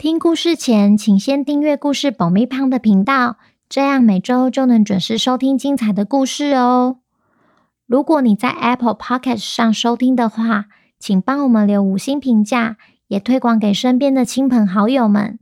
聽故事前，請先訂閱故事爆米花的頻道，這樣每周就能準時收聽精彩的故事哦。如果你在 Apple Podcast 上收聽的話，請幫我們留五星評價，也推廣給身邊的親朋好友們。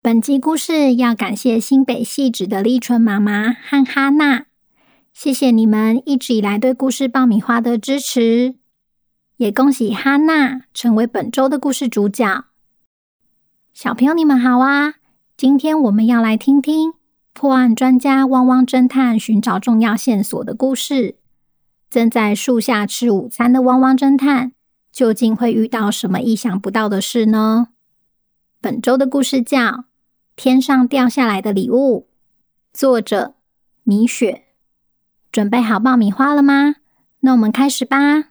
本集故事要感謝新北汐止的麗春媽媽和哈娜，謝謝你們一直以來對故事爆米花的支持，也恭喜哈娜成為本周的故事主角。小朋友，你們好啊！今天我們要來聽聽破案專家汪汪偵探尋找重要線索的故事。正在樹下吃午餐的汪汪偵探，究竟會遇到什麼意想不到的事呢？本周的故事叫《天上掉下來的禮物》，作者米雪。準備好爆米花了嗎？那我們開始吧。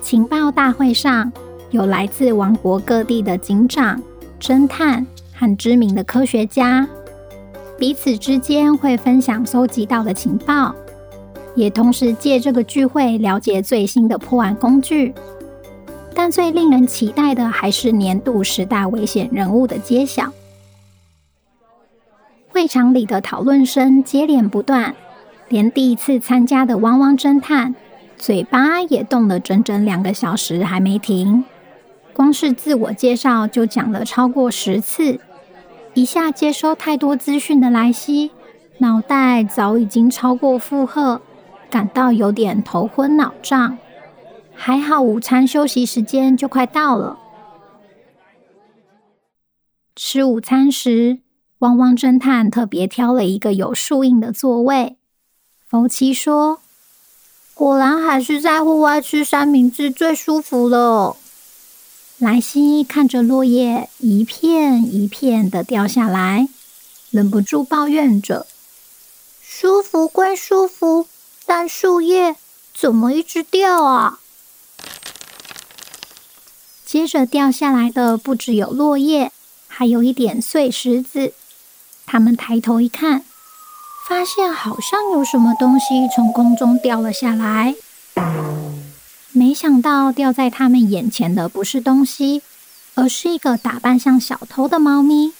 情報大會上，有來自王國各地的警長、偵探和知名的科學家，彼此之間會分享蒐集到的情報，也同時借這個聚會了解最新的破案工具。但最令人期待的還是年度十大危險人物的揭曉。會場裡的討論聲接連不斷，連第一次參加的汪汪偵探嘴巴也動了整整兩個小時還沒停。光是自我介紹就講了超過十次，一下接收太多資訊的來希，腦袋早已經超過負荷，感到有點頭昏腦脹。還好午餐休息時間就快到了。吃午餐時，汪汪偵探特別挑了一個有樹蔭的座位。馮琪說：“果然還是在戶外吃三明治最舒服了。”萊西看着落葉一片一片的掉下來，忍不住抱怨着：“舒服歸舒服，但樹葉怎麼一直掉啊？”接着掉下來的不只有落葉，還有一點碎石子。他們抬頭一看，發現好像有什麼東西從空中掉了下來。沒想到掉在他們眼前的不是東西，而是一個打扮像小偷的貓咪。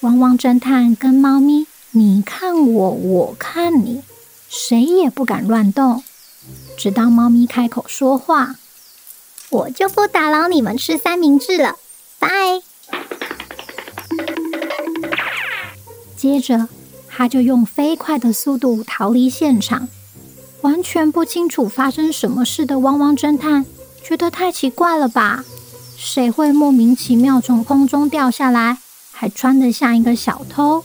汪汪偵探跟貓咪，你看我，我看你，誰也不敢亂動。直到貓咪開口說話，我就不打擾你們吃三明治了，拜。接着，他就用飛快的速度逃離現場。完全不清楚發生什麼事的汪汪偵探覺得太奇怪了吧？誰會莫名其妙從空中掉下來，還穿得像一個小偷？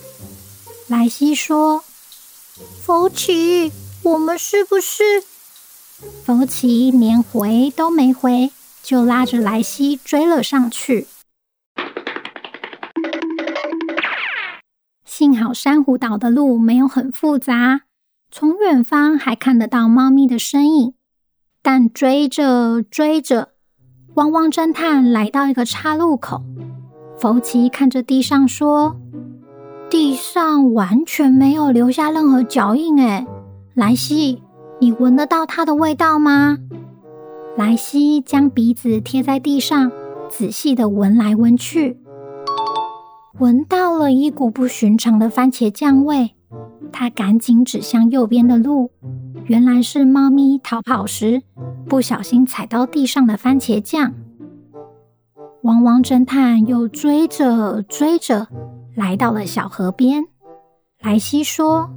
萊西說：“福奇，我們是不是？”福奇連回都沒回，就拉着萊西追了上去。 幸好珊瑚島的路沒有很複雜。從遠方還看得到貓咪的身影，但追着追着，汪汪偵探來到一個岔路口。福奇看着地上說：“地上完全沒有留下任何腳印，誒，萊西，你聞得到它的味道嗎？”萊西將鼻子貼在地上，仔細地聞來聞去，聞到了一股不尋常的番茄醬味。他趕緊指向右邊的路，原來是貓咪逃跑時不小心踩到地上的番茄醬。汪汪偵探又追着追着，來到了小河邊。萊西說：“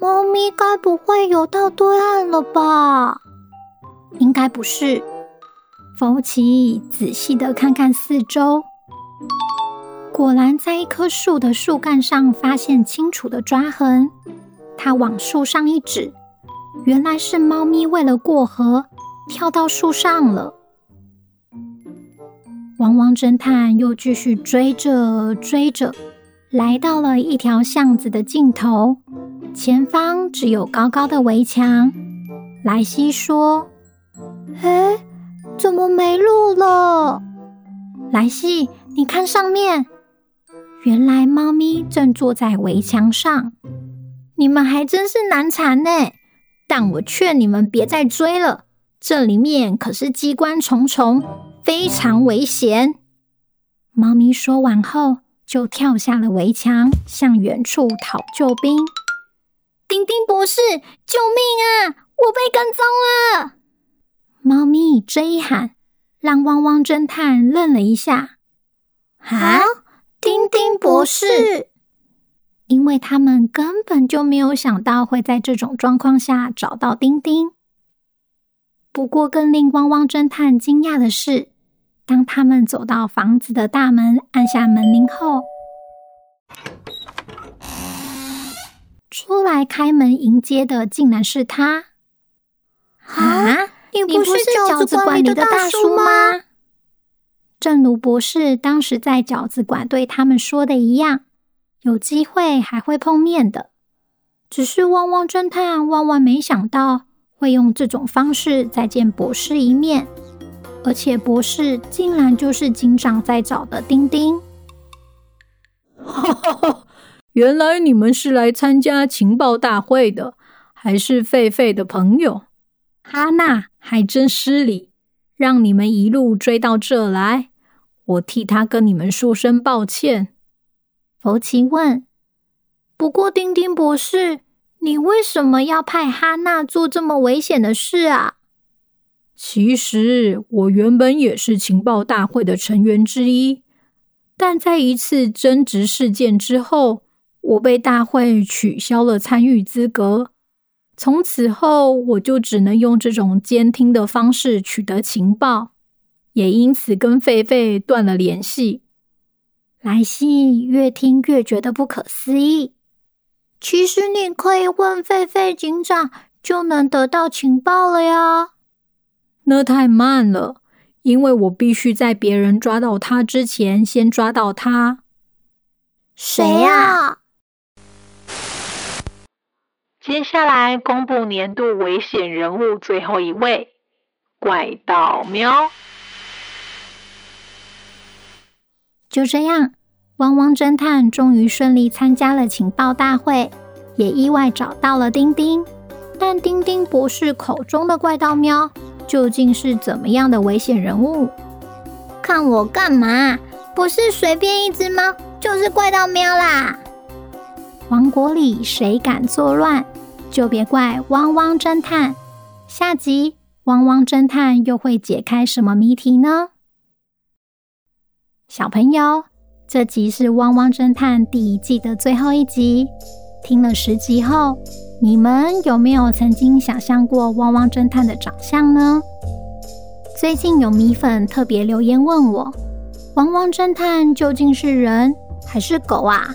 貓咪該不會游到對岸了吧？”“應該不是。”弗奇仔細的看看四周。果然，在一棵樹的樹幹上發現清楚的抓痕。他往樹上一指，原來是貓咪為了過河，跳到樹上了。汪汪偵探又繼續追着追着，來到了一條巷子的盡頭，前方只有高高的圍牆。萊西說：“哎、欸，怎麼沒路了？”萊西，你看上面。原來貓咪正坐在圍牆上，你們還真是難纏呢！但我勸你們別再追了，這裡面可是機關重重，非常危險。貓咪說完後，就跳下了圍牆，向遠處討救兵。丁丁博士，救命啊！我被跟蹤了！貓咪這一喊，讓汪汪偵探愣了一下。哈啊！丁丁博士，因為他們根本就沒有想到會在這種狀況下找到丁丁。不過，更令汪汪偵探驚訝的是，當他們走到房子的大門，按下門鈴後，出來開門迎接的竟然是他！啊，你不是餃子館裡的大叔嗎？正如博士當時在餃子館對他們說的一樣，有機會還會碰面的。只是汪汪偵探萬萬沒想到會用這種方式再見博士一面，而且博士竟然就是警長在找的丁丁。哈哈哈，原來你們是來參加情報大會的，還是狒狒的朋友？哈娜還真失禮。讓你們一路追到這來，我替他跟你們說聲抱歉。佛奇問：“不過，丁丁博士，你為什麼要派哈娜做這麼危險的事啊？”其實，我原本也是情報大會的成員之一，但在一次爭執事件之後，我被大會取消了參與資格。從此後，我就只能用這種監聽的方式取得情報，也因此跟狒狒斷了聯繫。來信越聽越覺得不可思議。其實你可以問狒狒警長，就能得到情報了呀。那太慢了，因為我必須在別人抓到他之前先抓到他。誰呀、啊？接下來公布年度危險人物，最後一位怪盜喵。就這樣，汪汪偵探終於順利參加了情報大會，也意外找到了丁丁。但丁丁博士口中的怪盜喵究竟是怎麼樣的危險人物？看我干嘛？不是隨便一只貓，就是怪盜喵啦！王國裡誰敢作亂，就別怪汪汪偵探。下集汪汪偵探又會解開什麼謎題呢？小朋友，這集是汪汪偵探第一季的最後一集。聽了十集後，你們有沒有曾經想象過汪汪偵探的長相呢？最近有米粉特別留言問我，汪汪偵探究竟是人還是狗啊？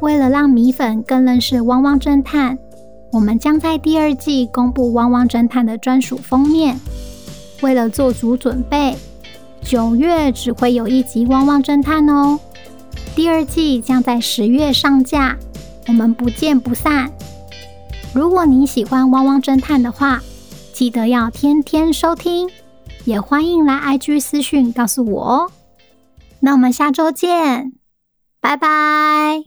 為了讓米粉更認識汪汪偵探，我們將在第二季公布汪汪偵探的專屬封面。為了做足準備，九月只會有一集汪汪偵探哦。第二季將在十月上架，我們不見不散。如果你喜歡汪汪偵探的話，記得要天天收聽，也歡迎來 IG 私訊告訴我哦。那我們下周見，拜拜。